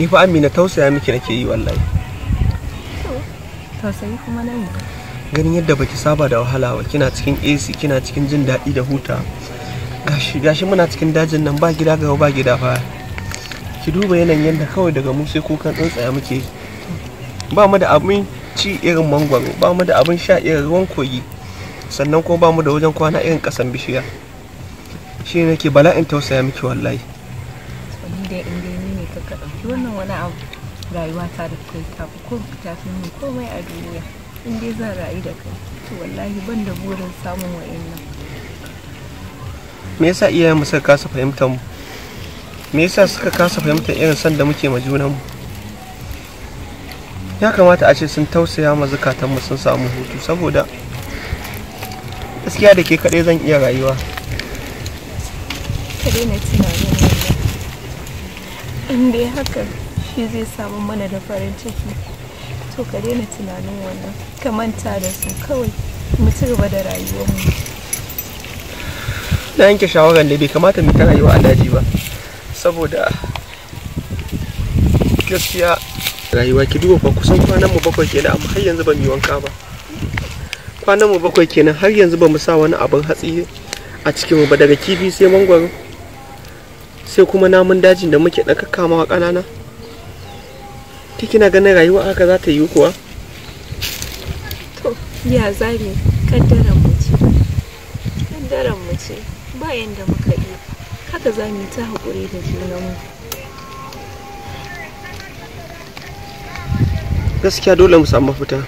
ni fa amina tausaya miki nake yi wallahi tausayi kuma na yi ganin yadda baki saba da wahala ba kina cikin AC kina cikin jin daɗi da huta gashi gashi muna cikin dajin nan ba gida ga ba gida fa ki duba yanayin yadda kawai daga mu sai kukan tsuntsaya muke ba mu da abin ci irin mangwaro ba mu da abin sha irin ruwan kogi sannan kuma ba mu da wajen kwana irin kasan bishiya shi ne nake bala'in tausaya miki wallahi ka ɗauki wannan wani abu ta da kai fi ko fi min komai a duniya in dai zan rayu da kai to wallahi ban da burin samun wa'in nan. me yasa iyayen mu suka kasa fahimtar mu me yasa suka kasa fahimtar irin sanda muke ma mu ya kamata a ce sun tausaya ma mu sun samu hutu saboda gaskiya da ke kaɗai zan iya rayuwa ka daina tunanin in dai haka shi zai samu mana da farin ciki to ka daina tunanin wannan ka manta da su kawai mu ci gaba da rayuwarmu na yanke shawarar da bai kamata mu ta rayuwa a daji ba saboda gaskiya rayuwa ki duba kusan kwanan mu bakwai kenan amma har yanzu ba mu wanka ba kwanan mu bakwai kenan har yanzu ba mu sa wani abin hatsi a cikin mu ba daga kifi sai mangwaro sai kuma namun dajin da muke ɗan kakkamawa ƙanana ta kina ganin rayuwa haka za ta yi kuwa to ya zami kaddara mu ce kaddaran mu ce ba yanda muka yi haka za mu ta haƙuri da junanmu gaskiya dole mu samu mafita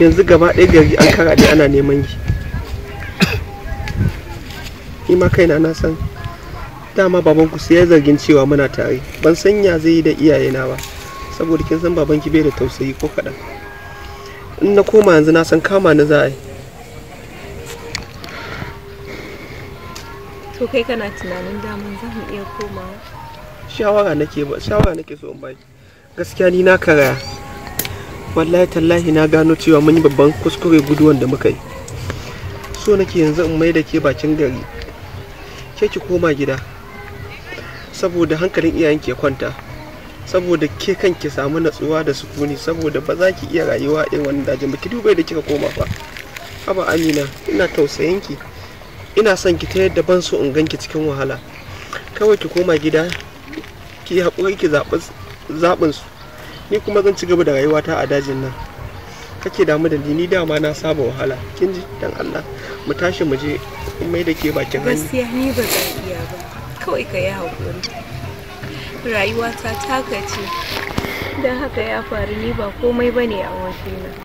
yanzu gaba ɗaya gari an ne ana neman yi ni ma kaina na san dama babanku sai ya zargin cewa muna tare ban sanya zai yi da iyayena ba saboda kin san babanki bai da tausayi ko kaɗan in na koma yanzu na san kama ni za a yi to kai kana tunanin daman za mu iya komawa shawara nake ba shawara nake so in baki gaskiya ni na karaya wallahi tallahi na gano cewa mun yi babban kuskure guduwan da muka yi so nake yanzu in mai da ke bakin gari ke ki koma gida saboda hankalin iyayen ke kwanta saboda ke kan ki samu natsuwa da sukuni saboda ba za ki iya rayuwa irin wannan dajin ba ki dubai da kika koma fa haba amina ina ki ina son ki ta yadda ban so in ganki cikin wahala kawai ki koma gida ki haƙuri ki zaɓin su ni kuma zan ci gaba da rayuwata a dajin nan kake damu da ni ni dama na saba wahala kin ji dan Allah mu tashi mu je mai da ke bakin hanya gaskiya ni ba zan iya ba kawai ka yi haƙuri rayuwata ta gaji don haka ya faru ni ba komai bane a wajena